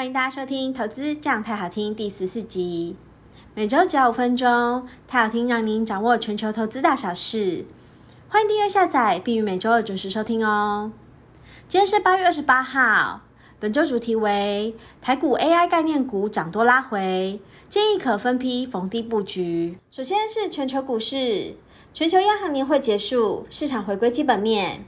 歡迎大家收聽《投資這樣泰好聽》第十四集，每周只要五分鐘，泰好聽讓您掌握全球投資大小事。歡迎訂閱下載，並於每周二準時收聽哦。今天是八月二十八號，本周主題為台股 AI 概念股漲多拉回，建議可分批逢低布局。首先是全球股市，全球央行年會結束，市場回歸基本面。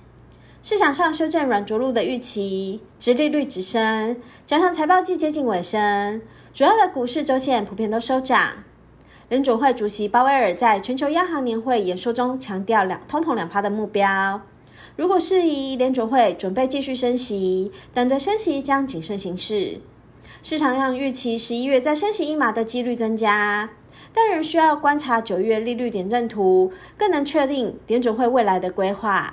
市場上修正軟着陸的預期，殖利率直升，加上財報季接近尾聲，主要的股市周線普遍都收漲。聯準會主席鮑威爾在全球央行年會演說中強調兩通膨兩趴的目標。如果適宜，聯準會準備繼續升息，但對升息將謹慎行事。市場上預期十一月再升息一碼的幾率增加，但仍需要觀察九月利率點陣圖，更能確定聯準會未來的規劃。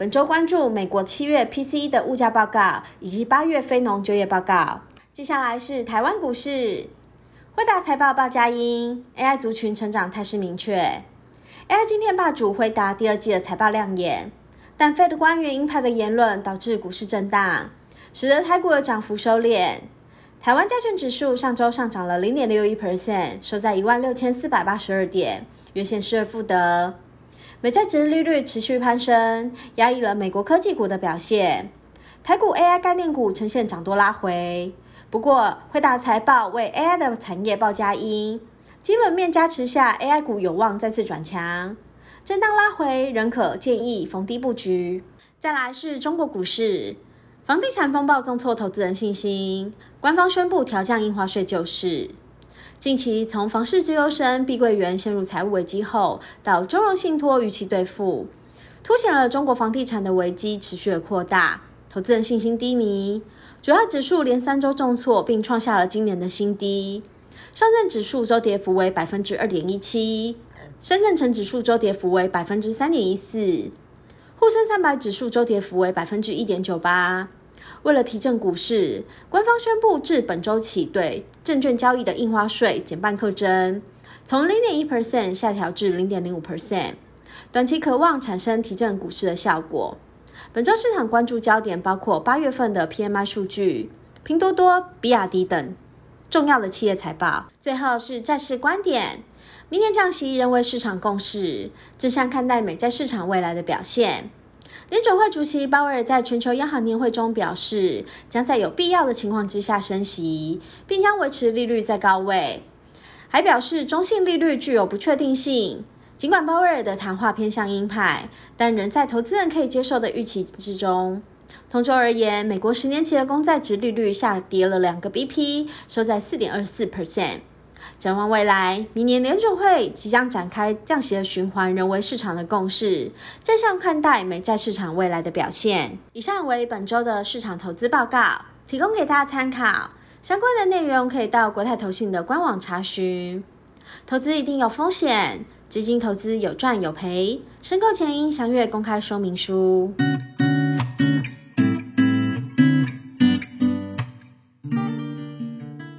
本周關注美國七月 PCE 的物價報告以及八月非農就業報告。接下來是台灣股市，輝達財報報佳音，AI 族群成長態勢明確。AI 晶片霸主輝達第二季的財報亮眼，但 Fed 官員鷹派的言論導致股市震盪，使得台股的漲幅收斂。台灣加權指數上周上漲了零點六一 percent，收在一萬六千四百八十二點，原月線失而復得。美債殖利率持續攀升，壓抑了美國科技股的表現。台股 AI 概念股呈現漲多拉回，不過輝達財報為 AI 的產業報佳音，基本面加持下，AI 股有望再次轉強。震盪拉回，仍可建議逢低佈局。再來是中國股市，房地產風暴重挫投資人信心，官方宣布調降印花稅救市。近期從房市資優生碧桂園陷入財務危機後，到中融信託逾期兌付，凸顯了中國房地產的危機持續擴大，投資人信心低迷，主要指數連三周重挫，並創下了今年的新低。上證指數周跌幅為百分之二點一七，深圳成指數周跌幅為百分之三點一四，滬深三百指數周跌幅為百分之一點九八。為了提振股市，官方宣布自本周起對證券交易的印花稅減半課徵，從零點一 percent 下調至零點零五 percent，短期可望產生提振股市的效果。本周市場關注焦點包括八月份的 PMI 數據、拼多多、比亞迪等重要的企業財報，最後是債市觀點。明年降息仍為市場共識，正向看待美債市場未來的表現。聯準會主席鮑威爾在全球央行年會中表示，將在有必要的情況之下升息，並將維持利率在高位。還表示，中性利率具有不確定性。儘管鮑威爾的談話偏向鷹派，但仍在投資人可以接受的預期之中。同周而言，美國十年期的公債殖利率下跌了兩個 BP，收在四點二四 percent。展望未來，明年聯準會即將展開降息的循環，仍為市場的共識。正向看待美債市場未來的表現。以上為本周的市場投資報告，提供給大家參考。相關的內容可以到國泰投信的官網查詢。投資一定有風險，基金投資有賺有賠。申購前應詳閱公開說明書。